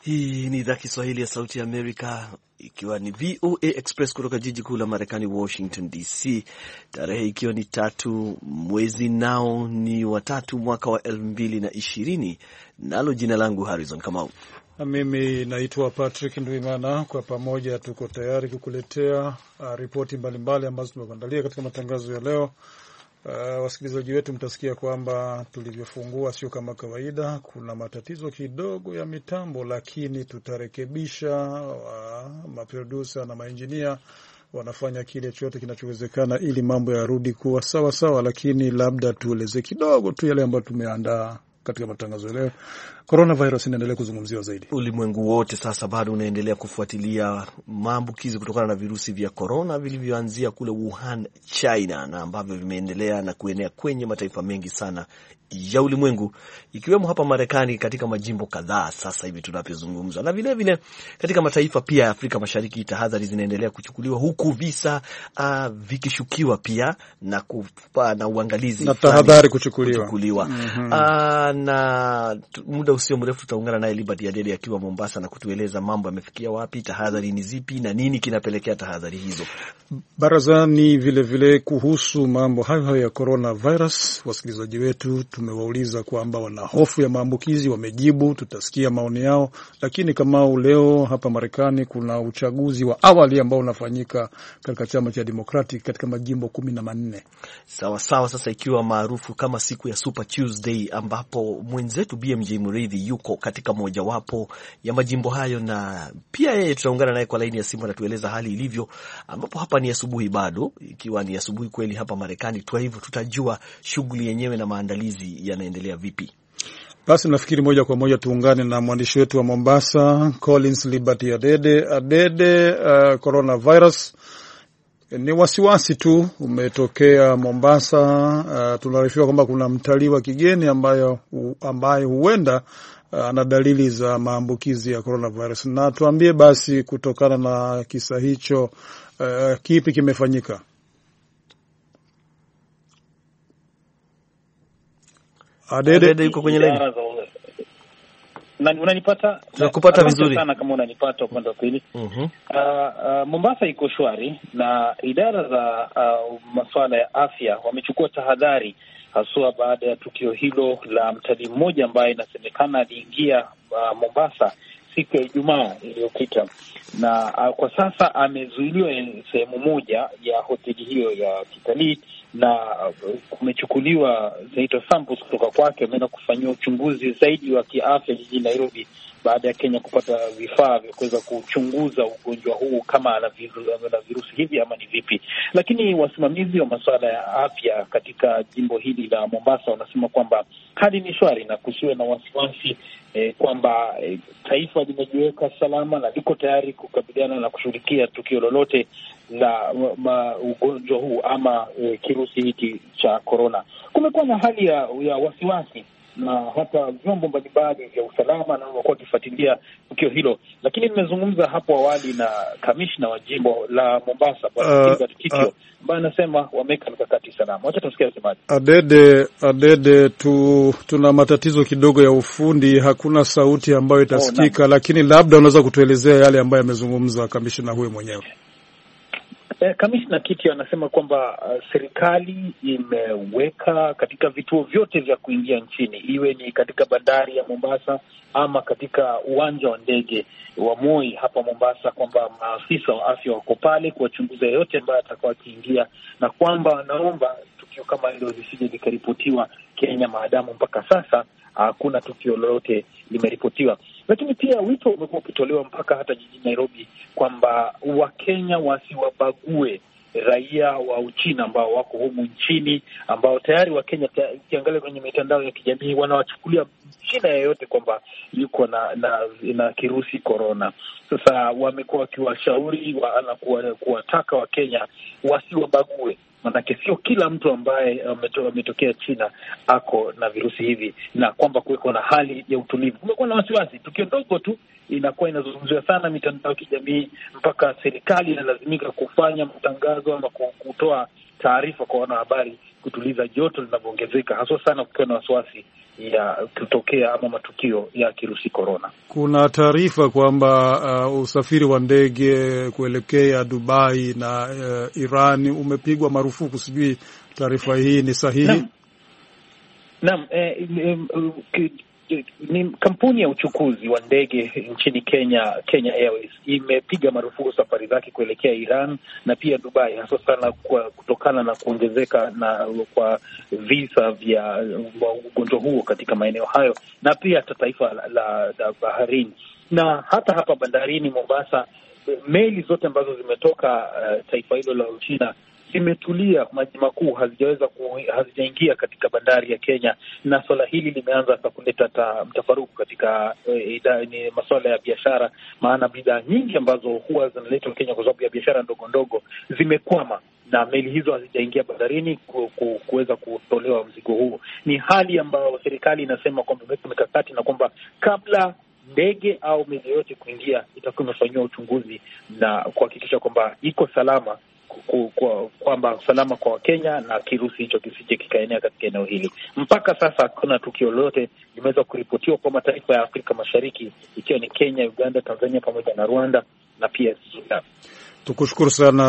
Hii ni idhaa Kiswahili ya Sauti ya Amerika ikiwa ni VOA Express kutoka jiji kuu la Marekani, Washington DC, tarehe ikiwa ni tatu mwezi nao ni watatu mwaka wa elfu mbili na ishirini. Nalo jina langu Harrison Kamau. Mimi naitwa Patrick Ndwimana. Kwa pamoja tuko tayari kukuletea uh, ripoti mbalimbali ambazo tumekuandalia katika matangazo ya leo, Uh, wasikilizaji wetu mtasikia kwamba tulivyofungua sio kama kawaida. Kuna matatizo kidogo ya mitambo, lakini tutarekebisha. Uh, maprodusa na mainjinia wanafanya kile chote kinachowezekana ili mambo yarudi kuwa sawa sawa, lakini labda tueleze kidogo tu yale ambayo tumeandaa katika matangazo leo coronavirus inaendelea kuzungumziwa zaidi. Ulimwengu wote sasa bado unaendelea kufuatilia maambukizi kutokana na virusi vya korona vilivyoanzia kule Wuhan, China, na ambavyo vimeendelea na kuenea kwenye mataifa mengi sana ya ulimwengu ikiwemo hapa Marekani katika majimbo kadhaa sasa hivi tunavyozungumza, na vilevile vile katika mataifa pia ya Afrika Mashariki, tahadhari zinaendelea kuchukuliwa huku visa uh, vikishukiwa pia na kupa, na uangalizi na tahadhari kuchukuliwa, kuchukuliwa. Mm -hmm. uh, na muda muda usio mrefu tutaungana naye Liberty Adede akiwa Mombasa na kutueleza mambo yamefikia wapi, tahadhari ni zipi na nini kinapelekea tahadhari hizo. Barazani vilevile vile kuhusu mambo hayo hayo ya corona virus, wasikilizaji wetu tumewauliza kwamba wana hofu ya maambukizi, wamejibu. Tutasikia maoni yao, lakini kama leo hapa Marekani kuna uchaguzi wa awali ambao unafanyika katika chama cha Democratic katika majimbo kumi na manne sawasawa, sasa ikiwa maarufu kama siku ya Super Tuesday ambapo mwenzetu BMJ Murray Mridhi yuko katika mojawapo ya majimbo hayo, na pia yeye tunaungana naye kwa laini ya simu, anatueleza hali ilivyo, ambapo hapa ni asubuhi bado, ikiwa ni asubuhi kweli hapa Marekani. Kwa hivyo tutajua shughuli yenyewe na maandalizi yanaendelea vipi. Basi nafikiri moja kwa moja tuungane na mwandishi wetu wa Mombasa, Collins Liberty Adede. Adede, uh, coronavirus ni wasiwasi tu umetokea Mombasa. Uh, tunaarifiwa kwamba kuna mtalii wa kigeni ambayo, ambaye huenda uh, ana uh, dalili za maambukizi ya coronavirus. Na tuambie basi, kutokana na kisa hicho uh, kipi kimefanyika? Adede yuko kwenye laini unanipata? Tunakupata vizuri sana kama unanipata upande wa pili. Mhm. Uh, uh, Mombasa iko shwari na idara za uh, masuala ya afya wamechukua tahadhari haswa baada ya tukio hilo la mtalii mmoja ambaye inasemekana aliingia uh, Mombasa siku ya Ijumaa iliyopita na uh, kwa sasa amezuiliwa sehemu moja ya hoteli hiyo ya kitalii na kumechukuliwa zinaitwa samples kutoka kwake, ameenda kufanyiwa uchunguzi zaidi wa kiafya jijini Nairobi baada ya Kenya kupata vifaa vya kuweza kuchunguza ugonjwa huu kama ana virusi hivi ama ni vipi. Lakini wasimamizi wa masuala ya afya katika jimbo hili la Mombasa wanasema kwamba hali ni shwari na kusiwe na wasiwasi eh, kwamba eh, taifa limejiweka salama na liko tayari kukabiliana na kushughulikia tukio lolote la ugonjwa huu ama eh, kirusi hiki cha korona. Kumekuwa na hali ya, ya wasiwasi na hata vyombo mbalimbali vya usalama na wamekuwa wakifuatilia tukio hilo, lakini nimezungumza hapo awali na kamishna wa jimbo la Mombasa Bwana uh, uh ambaye uh, anasema wameweka mikakati salama. Wacha tusikia msemaji Adede. Adede tu, tuna matatizo kidogo ya ufundi, hakuna sauti ambayo oh, itasikika oh, lakini labda unaweza kutuelezea yale ambayo amezungumza kamishna huyo mwenyewe. Eh, kamishna Kiti anasema kwamba uh, serikali imeweka katika vituo vyote vya kuingia nchini, iwe ni katika bandari ya Mombasa ama katika uwanja wa ndege wa Moi hapa Mombasa, kwamba maafisa wa afya wako pale kuwachunguza yeyote ambaye atakuwa akiingia, na kwamba wanaomba tukio kama hilo lisije likaripotiwa Kenya, maadamu mpaka sasa hakuna tukio lolote limeripotiwa. Lakini pia wito umekuwa ukitolewa mpaka hata jijini Nairobi kwamba Wakenya wasiwabague raia wa Uchina ambao wako humu nchini, ambao tayari Wakenya, ukiangalia kwenye mitandao ya kijamii, wanawachukulia Mchina yeyote kwamba yuko na na, na kirusi korona. Sasa wamekuwa wakiwashauri na kuwataka Wakenya wasiwabague Maanake sio kila mtu ambaye uh, ametokea China ako na virusi hivi, na kwamba kuweko na hali ya utulivu. Kumekuwa na wasiwasi, tukio ndogo tu inakuwa inazungumziwa sana mitandao ya kijamii, mpaka serikali inalazimika kufanya matangazo ama kutoa taarifa kwa wanahabari kutuliza joto linavyoongezeka, haswa sana kukiwa na wasiwasi ya kutokea ama matukio ya kirusi korona. Kuna taarifa kwamba uh, usafiri wa ndege kuelekea Dubai na uh, Iran umepigwa marufuku. Sijui taarifa hii ni sahihi? Naam, naam, eh, eh, eh ni kampuni ya uchukuzi wa ndege nchini Kenya, Kenya Airways imepiga marufuku safari zake kuelekea Iran na pia Dubai, hasa sana kwa kutokana na kuongezeka na kwa visa vya ugonjwa huo katika maeneo hayo na pia hata taifa la, la, la baharini na hata hapa bandarini Mombasa meli zote ambazo zimetoka uh, taifa hilo la Uchina zimetulia maji makuu, hazijaweza hazijaingia katika bandari ya Kenya, na swala hili limeanza sasa kuleta mtafaruku katika e, ni masuala ya biashara, maana bidhaa nyingi ambazo huwa zinaletwa Kenya kwa sababu ya biashara ndogo ndogo zimekwama na meli hizo hazijaingia bandarini ku, ku, kuweza kutolewa mzigo huo. Ni hali ambayo serikali inasema kwamba imeweka mikakati na kwamba kabla ndege au meli yoyote kuingia itakuwa imefanyiwa uchunguzi na kuhakikisha kwamba iko salama kwamba usalama kwa Wakenya na kirusi hicho kisije kikaenea katika eneo hili. Mpaka sasa hakuna tukio lolote limeweza kuripotiwa kwa mataifa ya Afrika Mashariki, ikiwa ni Kenya, Uganda, Tanzania pamoja na Rwanda na pia Sudan. Tukushukuru sana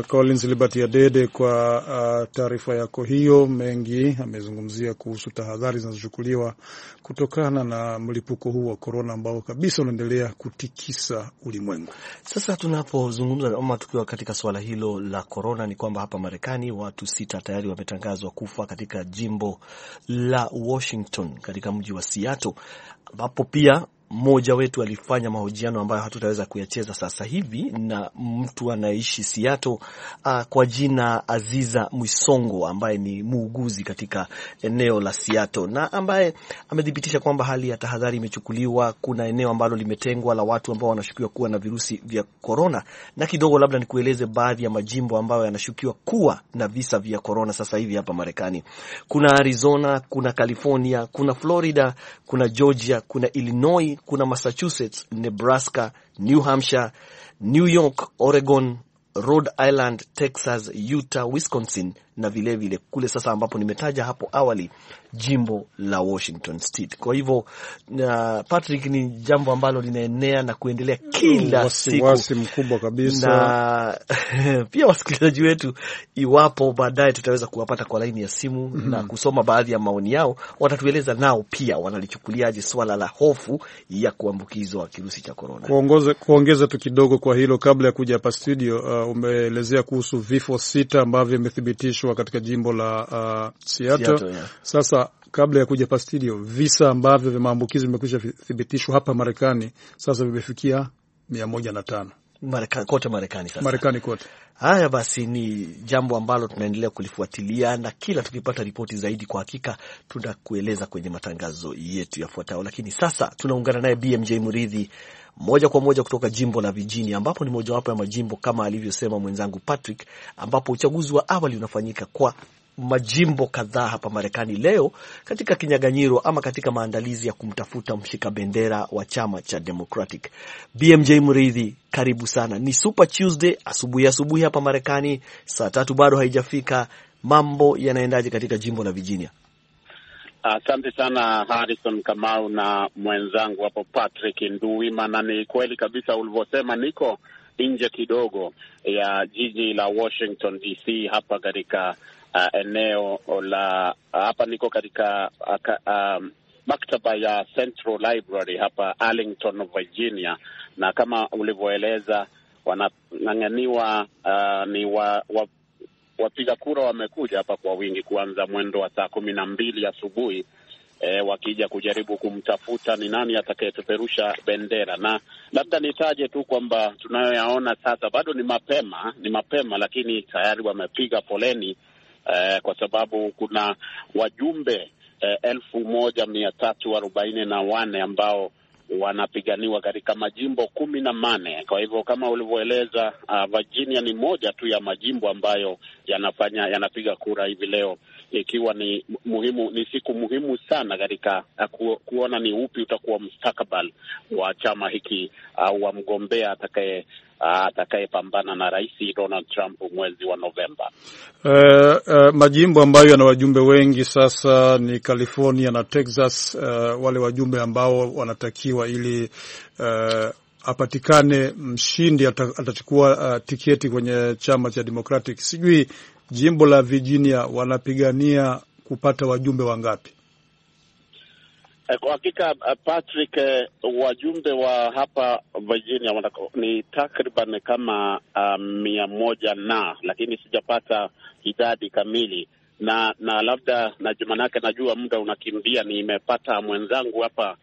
uh, Collins Liberty Adede kwa uh, taarifa yako hiyo. Mengi amezungumzia kuhusu tahadhari zinazochukuliwa kutokana na mlipuko huu wa korona ambao kabisa unaendelea kutikisa ulimwengu. Sasa tunapozungumza ama tukiwa katika suala hilo la korona, ni kwamba hapa Marekani watu sita tayari wametangazwa kufa katika jimbo la Washington katika mji wa Seattle, ambapo pia mmoja wetu alifanya mahojiano ambayo hatutaweza kuyacheza sasa hivi na mtu anayeishi Siato uh, kwa jina Aziza Mwisongo ambaye ni muuguzi katika eneo la Siato na ambaye amethibitisha kwamba hali ya tahadhari imechukuliwa. Kuna eneo ambalo limetengwa la watu ambao wanashukiwa kuwa na virusi vya korona, na kidogo labda nikueleze baadhi ya majimbo ambayo yanashukiwa kuwa na visa vya korona sasa hivi hapa Marekani. Kuna Arizona, kuna California, kuna Florida, kuna Georgia, kuna Illinois kuna Massachusetts, Nebraska, New Hampshire, New York, Oregon, Rhode Island, Texas, Utah, Wisconsin na vilevile vile kule sasa ambapo nimetaja hapo awali jimbo la Washington State. Kwa hivyo Patrick, ni jambo ambalo linaenea na kuendelea kila wasi, siku wasi mkubwa kabisa na pia wasikilizaji wetu, iwapo baadaye tutaweza kuwapata kwa laini ya simu mm -hmm. na kusoma baadhi ya maoni yao, watatueleza nao pia wanalichukuliaje swala la hofu ya kuambukizwa kirusi cha korona. Kuongeza tu kidogo kwa hilo kabla ya kuja hapa studio, uh, umeelezea kuhusu vifo sita ambavyo imethibitishwa kuhamishwa katika jimbo la uh, Seattle. Seattle, yeah. Sasa kabla ya kuja pastudio, visa ambavyo vya maambukizi vimekwisha thibitishwa hapa Marekani sasa vimefikia mia moja na tano Marekani kote, Marekani sasa, Marekani kote. Haya basi, ni jambo ambalo tunaendelea kulifuatilia na kila tukipata ripoti zaidi, kwa hakika tunakueleza kwenye matangazo yetu yafuatayo. Lakini sasa tunaungana naye BMJ Muridhi moja kwa moja kutoka jimbo la Virginia, ambapo ni mojawapo ya majimbo kama alivyosema mwenzangu Patrick, ambapo uchaguzi wa awali unafanyika kwa majimbo kadhaa hapa Marekani leo katika kinyaganyiro ama katika maandalizi ya kumtafuta mshika bendera wa chama cha Democratic. BMJ Mridhi, karibu sana. Ni Super Tuesday asubuhi asubuhi hapa Marekani, saa tatu bado haijafika. Mambo yanaendaje katika jimbo la Virginia? Asante uh, sana Harrison Kamau na mwenzangu hapo Patrick Nduwimana. Ni kweli kabisa ulivyosema, niko nje kidogo ya jiji la Washington DC hapa katika uh, eneo la hapa, niko katika uh, uh, maktaba ya Central Library hapa Arlington, Virginia, na kama ulivyoeleza wanang'ang'aniwa uh, ni wa, wa wapiga kura wamekuja hapa kwa wingi kuanza mwendo wa saa kumi na mbili asubuhi e, wakija kujaribu kumtafuta ni nani atakayepeperusha bendera, na labda nitaje tu kwamba tunayoyaona sasa bado ni mapema, ni mapema, lakini tayari wamepiga foleni e, kwa sababu kuna wajumbe e, elfu moja mia tatu arobaini na wane ambao wanapiganiwa katika majimbo kumi na manne. Kwa hivyo kama ulivyoeleza, uh, Virginia ni moja tu ya majimbo ambayo yanafanya yanapiga kura hivi leo ikiwa ni muhimu, ni siku muhimu sana katika eh, ku, kuona ni upi utakuwa mustakabali wa chama hiki au ah, wa mgombea atakaye ah, atakayepambana na Rais Donald Trump mwezi wa Novemba. Uh, eh, uh, eh, majimbo ambayo yana wajumbe wengi sasa ni California na Texas. Uh, wale wajumbe ambao wanatakiwa ili uh, apatikane mshindi atachukua uh, tiketi kwenye chama cha Democratic. Sijui jimbo la Virginia wanapigania kupata wajumbe wangapi? Eh, kwa hakika uh, Patrick, eh, wajumbe wa hapa Virginia wanako, ni takriban kama uh, mia moja na lakini sijapata idadi kamili na na labda na Jumanake, najua muda unakimbia, nimepata mwenzangu hapa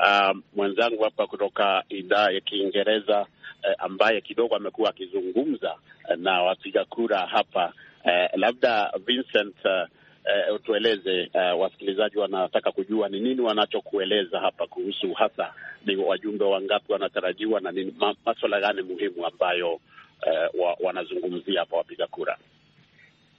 Um, mwenzangu hapa kutoka idhaa ya Kiingereza eh, ambaye kidogo amekuwa akizungumza eh, na wapiga kura hapa eh, labda Vincent uh, eh, eh, Uh, tueleze uh, eh, wasikilizaji wanataka kujua ni nini wanachokueleza hapa kuhusu hasa ni wajumbe wangapi wanatarajiwa na ni ma, maswala gani muhimu ambayo uh, wa, wanazungumzia hapa wapiga kura.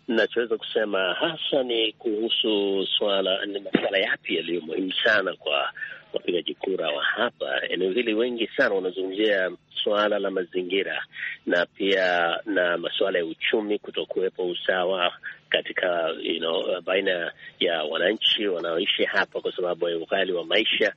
Nachoweza kusema hasa ni kuhusu swala, ni masuala yapi yaliyo muhimu sana kwa wapigaji kura wa hapa eneo hili wengi sana wanazungumzia suala la mazingira na pia na masuala ya uchumi, kutokuwepo usawa katika you know, baina ya wananchi wanaoishi hapa kwa sababu ya ukali wa maisha.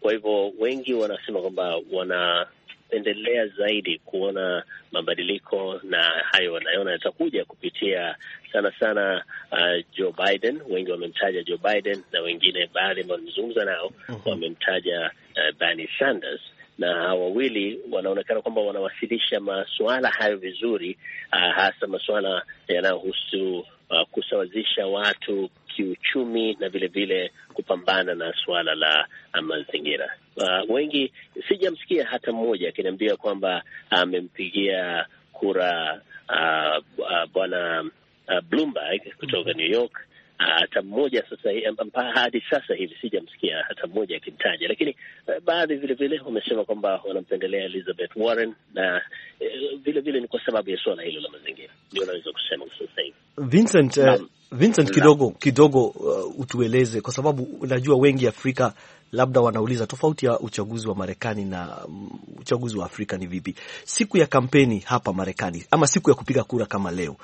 Kwa hivyo wengi wanasema kwamba wana wanapendelea zaidi kuona mabadiliko na hayo wanayoona yatakuja kupitia sana sana uh, Joe Biden. Wengi wamemtaja Joe Biden na wengine baadhi ambao nimezungumza nao mhm. wamemtaja uh, Bernie Sanders na hawa wawili wanaonekana kwamba wanawasilisha masuala hayo vizuri, uh, hasa masuala yanayohusu uh, kusawazisha watu kiuchumi na vile vile kupambana na suala la uh, mazingira. Uh, wengi sijamsikia hata mmoja akiniambia kwamba amempigia uh, kura uh, uh, bwana uh, Bloomberg kutoka mm -hmm. New York Ah, hata mmoja sasa hadi sasa hivi sijamsikia hata mmoja akimtaja, lakini eh, baadhi vilevile wamesema kwamba wanampendelea Elizabeth Warren na vilevile eh, vile ni kwa sababu ya suala hilo la mazingira, ndio naweza kusema sasa hivi. Vincent, uh, Vincent kidogo kidogo, uh, utueleze kwa sababu unajua wengi Afrika labda wanauliza tofauti ya uchaguzi wa Marekani na mm, uchaguzi wa Afrika ni vipi. Siku ya kampeni hapa Marekani ama siku ya kupiga kura kama leo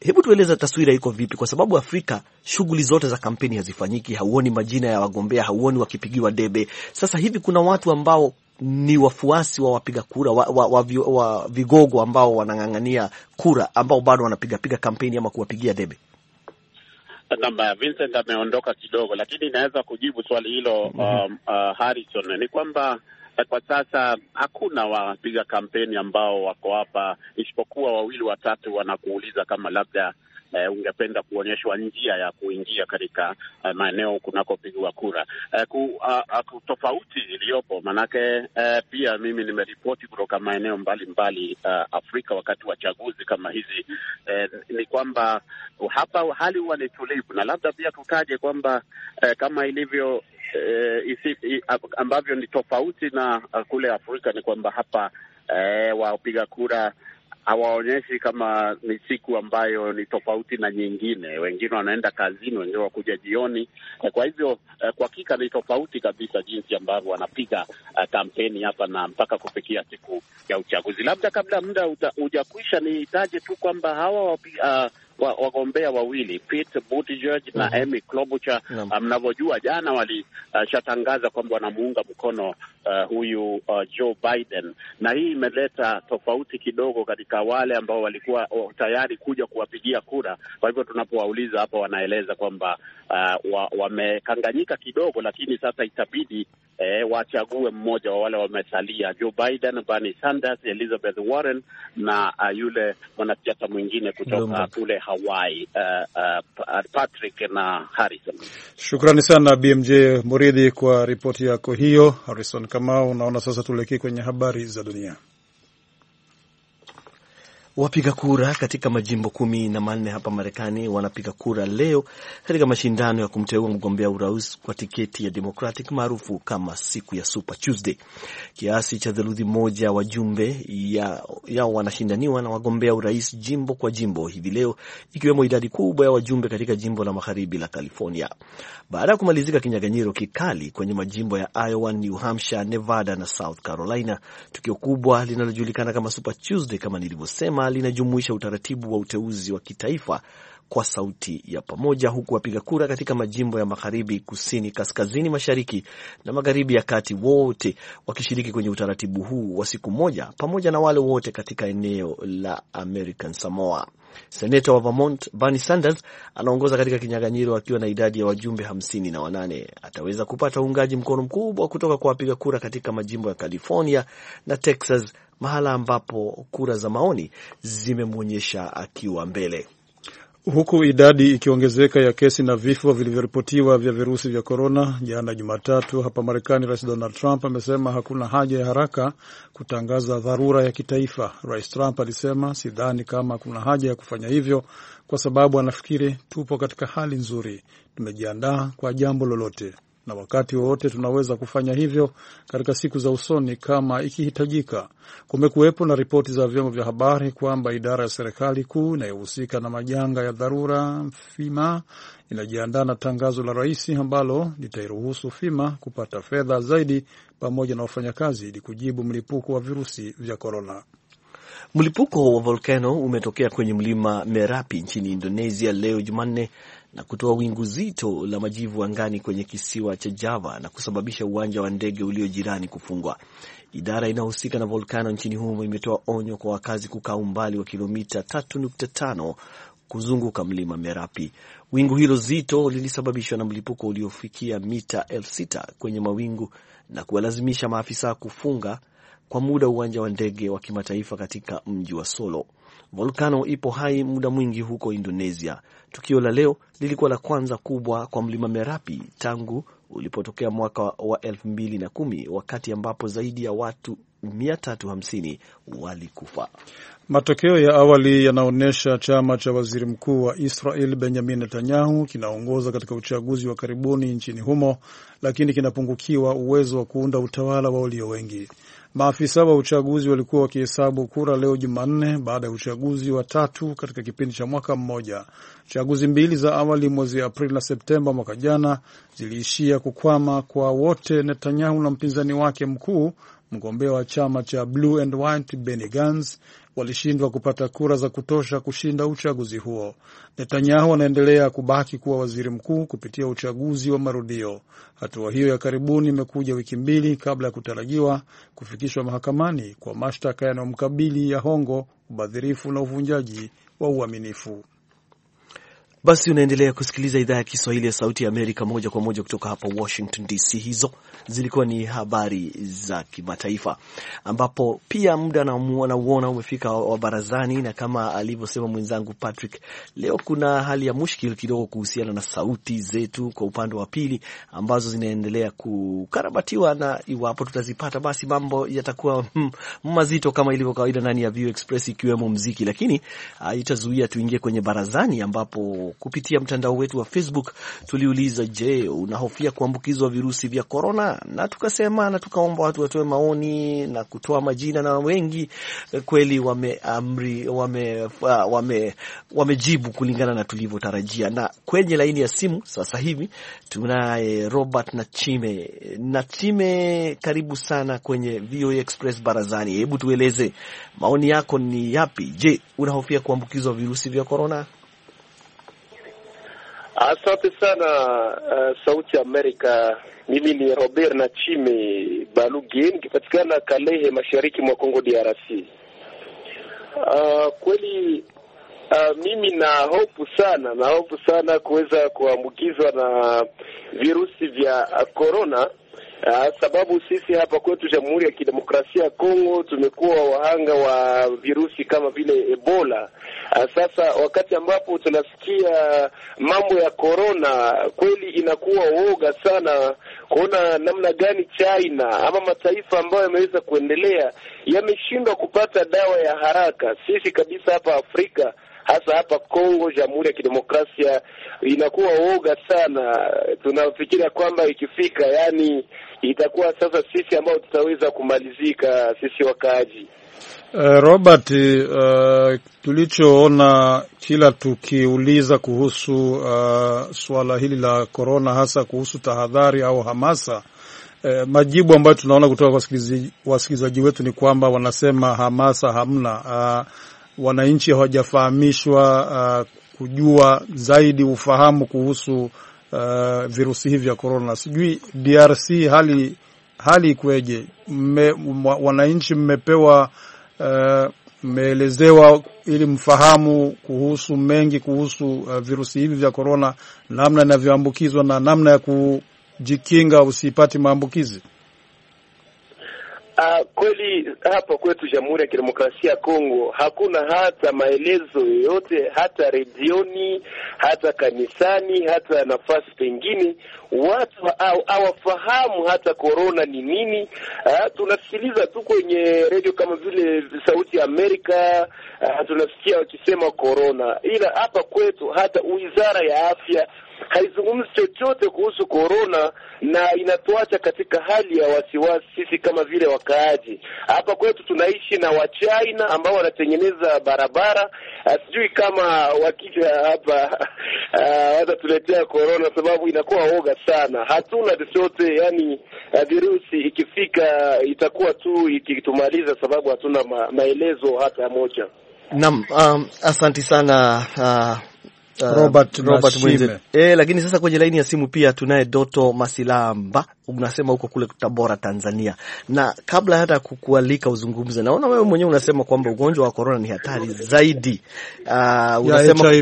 Hebu tueleza taswira iko vipi, kwa sababu Afrika shughuli zote za kampeni hazifanyiki, hauoni majina ya wagombea, hauoni wakipigiwa debe. Sasa hivi kuna watu ambao ni wafuasi wa wapiga kura wa, wa, wa, wa vigogo ambao wanang'ang'ania kura ambao bado wanapigapiga kampeni ama kuwapigia debe. Naam, eh, Vincent ameondoka kidogo, lakini inaweza kujibu swali hilo. mm -hmm. Um, uh, Harrison, ni kwamba kwa sasa hakuna wapiga kampeni ambao wako hapa, isipokuwa wawili watatu wanakuuliza kama labda Uh, ungependa kuonyeshwa njia ya kuingia katika uh, maeneo kunakopigwa kura uh, ku, uh, uh, tofauti iliyopo manake uh, pia mimi nimeripoti kutoka maeneo mbalimbali mbali, uh, Afrika wakati wa chaguzi kama hizi uh, ni kwamba hapa hali huwa ni tulivu, na labda pia tutaje kwamba uh, kama ilivyo eh, isi, i, ambavyo ni tofauti na uh, kule Afrika ni kwamba hapa eh, wapiga kura hawaonyeshi kama ni siku ambayo ni tofauti na nyingine. Wengine wanaenda kazini, wengine wakuja jioni. Kwa hivyo eh, kwa hakika ni tofauti kabisa jinsi ambavyo wanapiga eh, kampeni hapa na mpaka kufikia siku ya uchaguzi. Labda kabla muda ujakwisha, nihitaji tu kwamba hawa wapiga, uh, wa, wagombea wawili Pete Buttigieg mm -hmm. na mhm. Amy Klobuchar mm -hmm. Mnavyojua jana walishatangaza uh, kwamba wanamuunga mkono uh, huyu uh, Joe Biden, na hii imeleta tofauti kidogo katika wale ambao walikuwa uh, tayari kuja kuwapigia kura. Kwa hivyo tunapowauliza hapa, wanaeleza kwamba uh, wamekanganyika wa kidogo, lakini sasa itabidi eh, wachague mmoja wa wale wamesalia, Joe Biden, Bernie Sanders, Elizabeth Warren na uh, yule mwanasiasa mwingine kutoka kule Hawaii uh, uh, Patrick na Harrison. Shukrani sana BMJ Muridhi kwa ripoti yako hiyo. Harrison Kamau, unaona sasa tuelekee kwenye habari za dunia. Wapiga kura katika majimbo kumi na manne hapa Marekani wanapiga kura leo katika mashindano ya kumteua mgombea urais kwa tiketi ya Democratic maarufu kama siku ya Super Tuesday. Kiasi cha theluthi moja wajumbe yao ya wanashindaniwa na wagombea urais jimbo kwa jimbo hivi leo, ikiwemo idadi kubwa ya wajumbe katika jimbo la magharibi la California. Baada ya kumalizika kinyaganyiro kikali kwenye majimbo ya Iowa, New Hampshire, Nevada na South Carolina, tukio kubwa linalojulikana kama Super Tuesday kama nilivyosema linasema linajumuisha utaratibu wa uteuzi wa kitaifa kwa sauti ya pamoja, huku wapiga kura katika majimbo ya magharibi, kusini, kaskazini, mashariki na magharibi ya kati wote wakishiriki kwenye utaratibu huu wa siku moja, pamoja na wale wote katika eneo la American Samoa. Seneta wa Vermont Bernie Sanders anaongoza katika kinyang'anyiro akiwa na idadi ya wajumbe hamsini na wanane. Ataweza kupata uungaji mkono mkubwa kutoka kwa wapiga kura katika majimbo ya California na Texas, mahala ambapo kura za maoni zimemwonyesha akiwa mbele. Huku idadi ikiongezeka ya kesi na vifo vilivyoripotiwa vya virusi vya korona jana Jumatatu hapa Marekani, Rais Donald Trump amesema hakuna haja ya haraka kutangaza dharura ya kitaifa. Rais Trump alisema, sidhani kama kuna haja ya kufanya hivyo kwa sababu anafikiri tupo katika hali nzuri, tumejiandaa kwa jambo lolote na wakati wowote tunaweza kufanya hivyo katika siku za usoni kama ikihitajika. Kumekuwepo na ripoti za vyombo vya habari kwamba idara ya serikali kuu inayohusika na majanga ya dharura FIMA inajiandaa na tangazo la rais ambalo litairuhusu FIMA kupata fedha zaidi pamoja na wafanyakazi ili kujibu mlipuko wa virusi vya korona. Mlipuko wa volkano umetokea kwenye mlima Merapi nchini Indonesia leo Jumanne na kutoa wingu zito la majivu angani kwenye kisiwa cha Java na kusababisha uwanja wa ndege ulio jirani kufungwa. Idara inayohusika na volkano nchini humo imetoa onyo kwa wakazi kukaa umbali wa kilomita 3.5 kuzunguka mlima Merapi. Wingu hilo zito lilisababishwa na mlipuko uliofikia mita elfu kwenye mawingu na kuwalazimisha maafisa kufunga kwa muda uwanja wa ndege wa kimataifa katika mji wa Solo. Volkano ipo hai muda mwingi huko Indonesia. Tukio la leo lilikuwa la kwanza kubwa kwa mlima Merapi tangu ulipotokea mwaka wa elfu mbili na kumi wakati ambapo zaidi ya watu 350 walikufa. Matokeo ya awali yanaonyesha chama cha waziri mkuu wa Israel Benjamin Netanyahu kinaongoza katika uchaguzi wa karibuni nchini humo, lakini kinapungukiwa uwezo wa kuunda utawala wa walio wengi. Maafisa wa uchaguzi walikuwa wakihesabu kura leo Jumanne baada ya uchaguzi wa tatu katika kipindi cha mwaka mmoja. Chaguzi mbili za awali mwezi Aprili na Septemba mwaka jana ziliishia kukwama kwa wote Netanyahu na mpinzani wake mkuu mgombea wa chama cha Blue and White Benny Gantz walishindwa kupata kura za kutosha kushinda uchaguzi huo. Netanyahu anaendelea kubaki kuwa waziri mkuu kupitia uchaguzi wa marudio. Hatua hiyo ya karibuni imekuja wiki mbili kabla ya kutarajiwa kufikishwa mahakamani kwa mashtaka yanayomkabili ya hongo, ubadhirifu na uvunjaji wa uaminifu. Basi unaendelea kusikiliza idhaa ya Kiswahili ya Sauti ya Amerika moja kwa moja kutoka hapa Washington DC. Hizo zilikuwa ni habari za kimataifa, ambapo pia muda nauona umefika wa barazani, na kama alivyosema mwenzangu Patrick, leo kuna hali ya mushkil kidogo kuhusiana na sauti zetu kwa upande wa pili ambazo zinaendelea kukarabatiwa, na iwapo tutazipata basi mambo yatakuwa hmm, mazito kama ilivyo kawaida ndani ya View Express, ikiwemo mziki, lakini haitazuia ah, tuingie kwenye barazani ambapo kupitia mtandao wetu wa Facebook tuliuliza, je, unahofia kuambukizwa virusi vya korona? Na tukasema na tukaomba watu watoe maoni na kutoa majina, na wengi eh, kweli wameamri, wame, ah, wame, wamejibu kulingana na tulivyotarajia. Na kwenye laini ya simu sasa hivi tunaye Robert Nachime. Nachime, karibu sana kwenye VOA Express barazani. Hebu tueleze maoni yako ni yapi? Je, unahofia kuambukizwa virusi vya korona? Asante sana uh, Sauti ya Amerika. Mimi ni Robert Nachime Baluge nikipatikana Kalehe, mashariki mwa Kongo DRC. Uh, kweli uh, mimi na hopu sana na hofu sana kuweza kuambukizwa na virusi vya corona Uh, sababu sisi hapa kwetu Jamhuri ya Kidemokrasia ya Kongo tumekuwa wahanga wa virusi kama vile Ebola. Uh, sasa wakati ambapo tunasikia mambo ya corona, kweli inakuwa woga sana kuona namna gani China ama mataifa ambayo yameweza kuendelea yameshindwa kupata dawa ya haraka. Sisi kabisa hapa Afrika hasa hapa Kongo, Jamhuri ya Kidemokrasia, inakuwa woga sana. Tunafikiria kwamba ikifika, yani itakuwa sasa sisi ambao tutaweza kumalizika sisi wakaaji. Eh, Robert, uh, tulichoona kila tukiuliza kuhusu uh, eh, suala hili la korona, hasa kuhusu tahadhari au hamasa uh, majibu ambayo tunaona kutoka kwa wasikilizaji wetu ni kwamba wanasema hamasa hamna. uh, wananchi hawajafahamishwa uh, kujua zaidi ufahamu kuhusu uh, virusi hivi vya korona. Sijui DRC hali hali ikweje? Mme, wananchi mmepewa uh, mmeelezewa ili mfahamu kuhusu mengi kuhusu uh, virusi hivi vya korona, namna inavyoambukizwa na namna ya kujikinga usipate maambukizi. Uh, kweli hapa kwetu Jamhuri ya Kidemokrasia ya Kongo hakuna hata maelezo yoyote, hata redioni, hata kanisani, hata nafasi pengine. Watu hawafahamu hata korona ni nini. Uh, tunasikiliza tu kwenye redio kama vile Sauti ya Amerika, uh, tunasikia wakisema korona, ila hapa kwetu hata wizara ya afya haizungumzi chochote kuhusu korona, na inatuacha katika hali ya wasiwasi sisi kama vile wakaaji. Hapa kwetu tunaishi na Wachina ambao wanatengeneza barabara. Ah, sijui kama wakija hapa ah, watatuletea korona, sababu inakuwa oga sana, hatuna chochote yani. Ah, virusi ikifika itakuwa tu ikitumaliza, sababu hatuna ma maelezo hata moja. Naam, um, asanti sana uh uh, Robert, Robert Mwenzet. E, eh, lakini sasa kwenye laini ya simu pia tunaye Doto Masilamba, unasema huko kule Tabora, Tanzania. Na kabla hata ya kukualika uzungumze, naona wewe mwenyewe unasema kwamba ugonjwa wa korona ni hatari zaidi uh, unasema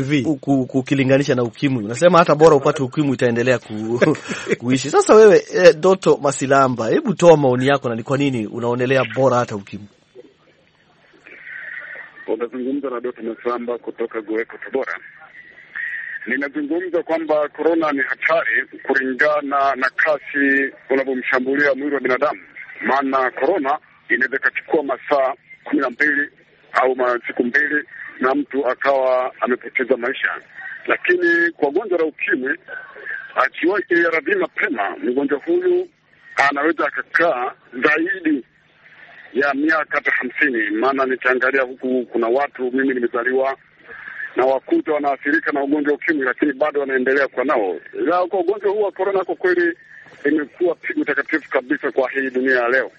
ukilinganisha na ukimwi, unasema hata bora upate ukimwi itaendelea ku, kuishi. Sasa wewe e, Doto Masilamba, hebu toa maoni yako na ni kwa nini unaonelea bora hata ukimwi? Unazungumza na Doto Masilamba kutoka Goeko, Tabora. Ninazungumza kwamba korona ni hatari kulingana na kasi unavyomshambulia mwili wa binadamu, maana korona inaweza ikachukua masaa kumi na mbili au masiku mbili na mtu akawa amepoteza maisha, lakini kwa gonjwa la ukimwi akiwa ARV mapema, mgonjwa huyu anaweza akakaa zaidi ya miaka hata hamsini. Maana nitaangalia huku, kuna watu mimi nimezaliwa na wakuta wanaathirika na ugonjwa wa ukimwi, lakini bado wanaendelea kwa nao. La, kwa ugonjwa huu wa korona, kwa kweli imekuwa pigo takatifu kabisa kwa hii dunia ya leo.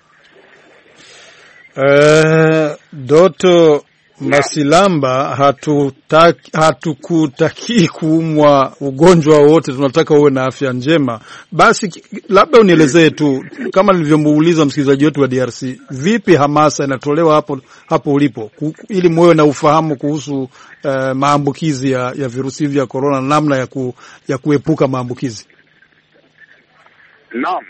Uh, Doto Masilamba, hatukutakii hatu kuumwa ugonjwa wowote, tunataka uwe na afya njema. Basi labda unielezee tu, kama nilivyomuuliza msikilizaji wetu wa DRC, vipi hamasa inatolewa hapo hapo ulipo, ili muwe na ufahamu kuhusu uh, maambukizi ya, ya virusi hivi vya korona, namna ya, ku, ya kuepuka maambukizi? Naam,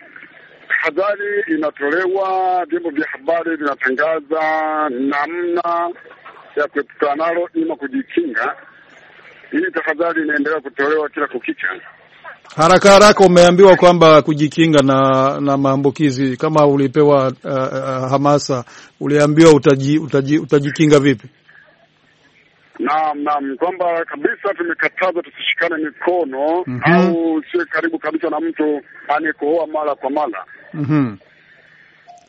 habari inatolewa, vyombo vya habari vinatangaza namna ya kuepukana nalo ima kujikinga. Hii tafadhali inaendelea kutolewa kila kukicha. Haraka haraka umeambiwa kwamba kujikinga na na maambukizi, kama ulipewa uh, uh, hamasa, uliambiwa utaji, utaji, utajikinga vipi? Naam, naam, kwamba kabisa tumekatazwa tusishikane mikono mm -hmm. au sio karibu kabisa na mtu anayekohoa mara kwa mara mm -hmm.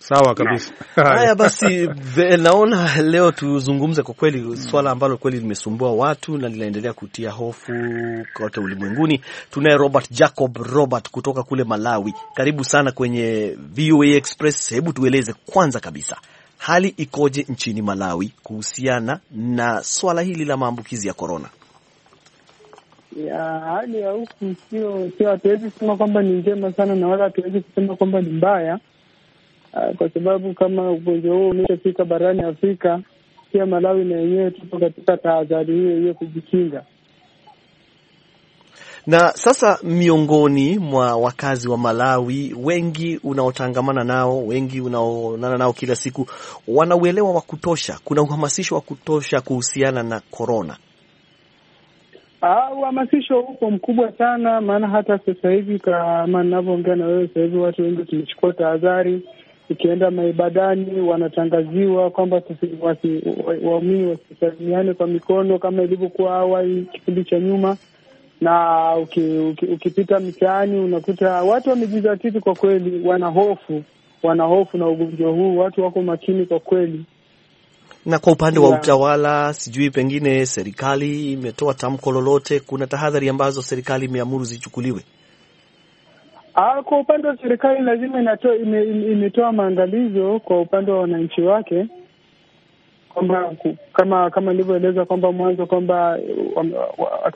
Sawa kabisa. Haya basi, naona leo tuzungumze kwa kweli swala ambalo kweli limesumbua watu na linaendelea kutia hofu kote ulimwenguni. Tunaye Robert Jacob Robert kutoka kule Malawi. Karibu sana kwenye VOA Express. Hebu tueleze kwanza kabisa hali ikoje nchini Malawi kuhusiana na swala hili la maambukizi ya korona? Ya, hali ya huku sio, hatuwezi kusema kwamba ni njema sana na wala hatuwezi kusema kwamba ni mbaya Ah, kwa sababu kama ugonjwa huo umeshafika barani Afrika, pia Malawi na yenyewe tupo katika tahadhari hiyo hiyo kujikinga. Na sasa, miongoni mwa wakazi wa Malawi, wengi unaotangamana nao, wengi unaoonana nao kila siku, wanauelewa wa kutosha? Kuna uhamasisho wa kutosha kuhusiana na korona? Ah, uhamasisho huko mkubwa sana, maana hata sasa hivi kama ninavyoongea na wewe sasa hivi, watu wengi tumechukua tahadhari tukienda maibadani wanatangaziwa kwamba waumini wasisalimiane kwa mikono kama ilivyokuwa awali kipindi cha nyuma, na uki, uki, ukipita mitaani unakuta watu wamejizatiti kwa kweli, wanahofu wanahofu na ugonjwa huu, watu wako makini kwa kweli. Na kwa upande wa utawala, sijui pengine serikali imetoa tamko lolote, kuna tahadhari ambazo serikali imeamuru zichukuliwe? Ah, kwa upande wa serikali lazima inatoa ime, imetoa maangalizo kwa upande wa wananchi wake kwamba kama kama ilivyoeleza kwamba mwanzo kwamba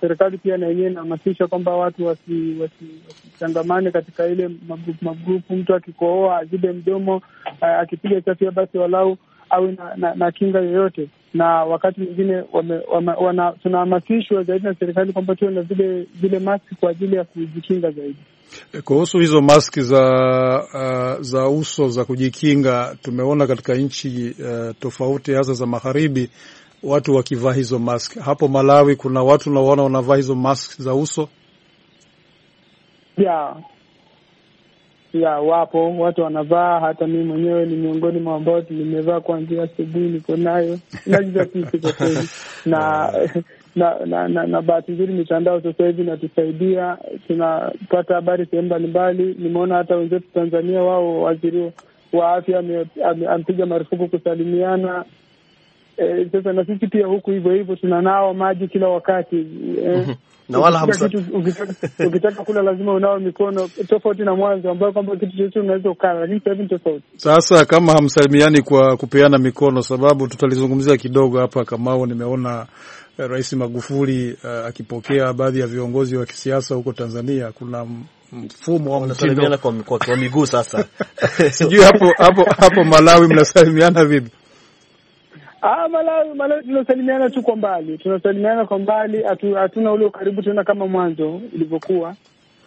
serikali pia na yenyewe inahamasisha kwamba watu wasichangamane wasi, wasi katika ile magrupu magrupu, mtu akikohoa azibe mdomo, akipiga chafia basi walau awe na, na, na kinga yoyote na wakati mwingine tunahamasishwa zaidi na serikali kwamba tuwe na zile zile maski kwa ajili ya kujikinga zaidi. Eh, kuhusu hizo maski za uh, za uso za kujikinga, tumeona katika nchi uh, tofauti hasa za magharibi watu wakivaa hizo mask. Hapo Malawi kuna watu unawaona wanavaa hizo mask za uso yeah pia wapo watu wanavaa. Hata mi mwenyewe ni miongoni mwa ambao nimevaa kuanzia asubuhi, niko nayo najizatisi kwa kweli na na na, na, na bahati nzuri mitandao sasa hivi inatusaidia, tunapata habari sehemu mbalimbali. Nimeona hata wenzetu Tanzania, wao waziri wa afya amepiga marufuku kusalimiana. E, sasa na sisi pia huku hivyo hivyo tunanawa maji kila wakati e na wala hamsafiri. Ukitaka kula lazima unawe mikono, tofauti na mwanzo ambayo kwamba kitu chochote unaweza ukala, lakini sasa hivi tofauti. Sasa kama hamsalimiani kwa kupeana mikono, sababu tutalizungumzia kidogo hapa. Kamao, nimeona eh, Rais Magufuli uh, akipokea baadhi ya viongozi wa kisiasa huko Tanzania, kuna mfumo wa msalimiana kwa mikono, kwa miguu. Sasa sijui hapo hapo hapo Malawi mnasalimiana vipi? Ah, Malawi, Malawi tunasalimiana tu kwa mbali, tunasalimiana kwa mbali, hatuna ule ukaribu tena kama mwanzo ilivyokuwa.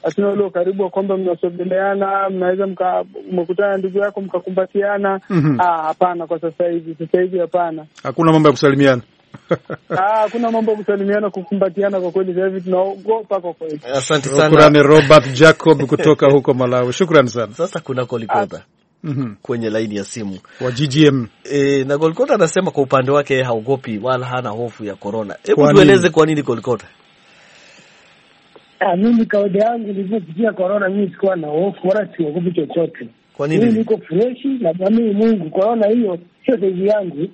Hatuna ule ukaribu wa kwamba mnasogeleana, mnaweza mkakutana ndugu yako mkakumbatiana. mm -hmm. Hapana, kwa sasa hivi, sasa hivi hapana, hakuna mambo ya kusalimiana. Ah, kuna mambo ya kusalimiana, kukumbatiana, kwa kweli sasa hivi tunaogopa kwa kweli. Asante sana. Shukrani Robert Jacob kutoka huko Malawi, shukrani sana. Sasa kuna kolikoda mm -hmm. kwenye laini ya simu wa GGM. E, na Golkota anasema kwa upande wake haogopi wala hana hofu ya korona. Hebu tueleze kwa nini Golgota? Ah, mimi kawaida yangu nilivyopitia corona, mimi sikuwa na hofu wala siogopi chochote. Kwa nini? Mimi niko freshi na naamini Mungu. Korona hiyo sio saizi yangu,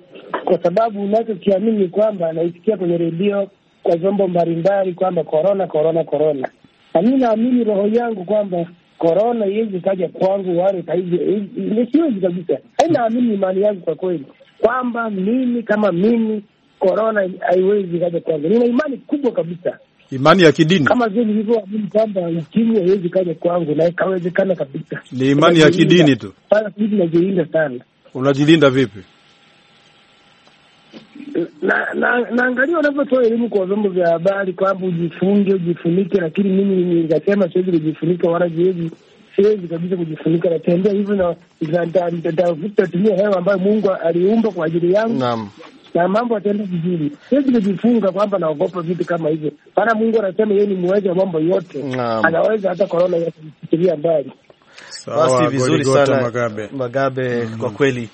kwa sababu unachokiamini kwamba naisikia kwenye redio, kwa vyombo mbalimbali kwamba korona, korona, korona, na mimi naamini roho yangu kwamba korona iwezi kaja kwangu wale nisiwezi kabisa. amini imani yangu kwa kweli kwamba mimi kama mimi korona haiwezi kaja kwangu. Nina imani kubwa kabisa, imani ya kidini kama vile nilivyoamini kwamba ukimwi haiwezi kaja kwangu, na ikawezekana kabisa. Ni imani ya kidini tu. najilinda sana. Unajilinda vipi? na, na, naangalia wanavyotoa elimu kwa vyombo vya habari kwamba ujifunge, ujifunike, lakini mimi nikasema siwezi kujifunika wala jiwezi siwezi kabisa kujifunika, natembea hivyo na hewa ambayo Mungu aliumba kwa ajili yangu na mambo yataenda vizuri. Siwezi kujifunga kwamba naogopa vitu kama hivyo, maana Mungu anasema yeye ni mweza wa mambo yote, anaweza hata korona kufikiria mbali. Basi vizuri sana Magabe, Magabe mm -hmm. kwa kweli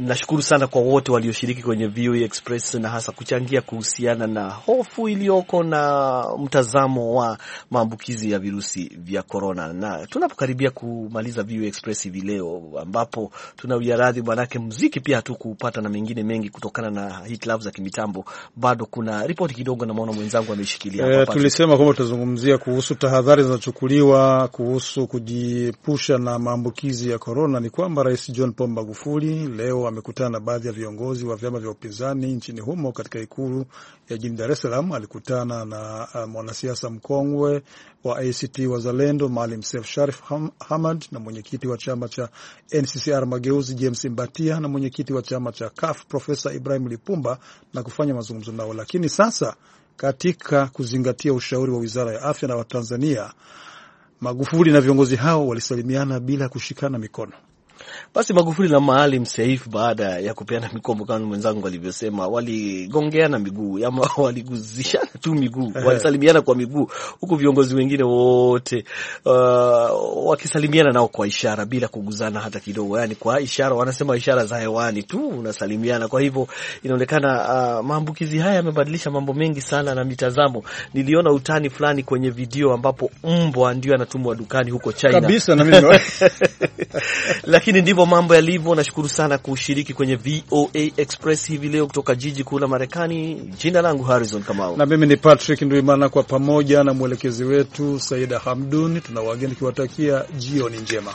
Nashukuru sana kwa wote walioshiriki kwenye VOA e Express na hasa kuchangia kuhusiana na hofu iliyoko na mtazamo wa maambukizi ya virusi vya korona. Na tunapokaribia kumaliza VOA e Express hivi leo, ambapo tuna ujaradhi manake mziki pia hatukuupata na mengine mengi kutokana na hitilafu za kimitambo, bado kuna ripoti kidogo, maona mwenzangu ameshikilia. E, tulisema kwamba tutazungumzia kuhusu tahadhari zinachukuliwa kuhusu kujiepusha na maambukizi ya korona. Ni kwamba Rais John Pombe Magufuli leo amekutana na baadhi ya viongozi wa vyama vya upinzani nchini humo katika ikulu ya jijini Dar es Salaam. Alikutana na uh, mwanasiasa mkongwe wa ACT Wazalendo Maalim Seif Sharif Hamad na mwenyekiti wa chama cha NCCR Mageuzi James Mbatia na mwenyekiti wa chama cha CUF Profesa Ibrahim Lipumba na kufanya mazungumzo nao, lakini sasa katika kuzingatia ushauri wa Wizara ya Afya na Watanzania, Magufuli na viongozi hao walisalimiana bila kushikana mikono. Basi Magufuli na Maalim Seif baada ya kupeana mikombo kama mwenzangu alivyosema, waligongeana miguu ama waliguzishana tu miguu, walisalimiana kwa miguu, huku viongozi wengine wote uh, wakisalimiana nao kwa ishara bila kuguzana hata kidogo, yani kwa ishara, wanasema ishara za hewani tu unasalimiana. Kwa hivyo inaonekana uh, maambukizi haya yamebadilisha mambo mengi sana na mitazamo. Niliona utani fulani kwenye video ambapo mbwa ndio anatumwa dukani huko China kabisa na mimi Lakini ndivyo mambo yalivyo. Nashukuru sana kushiriki kwenye VOA Express hivi leo kutoka jiji kuu la Marekani. Jina langu Harrison Kamau na mimi ni Patrick Nduimana, kwa pamoja na mwelekezi wetu Saida Hamdun, tuna wageni kiwatakia jioni njema.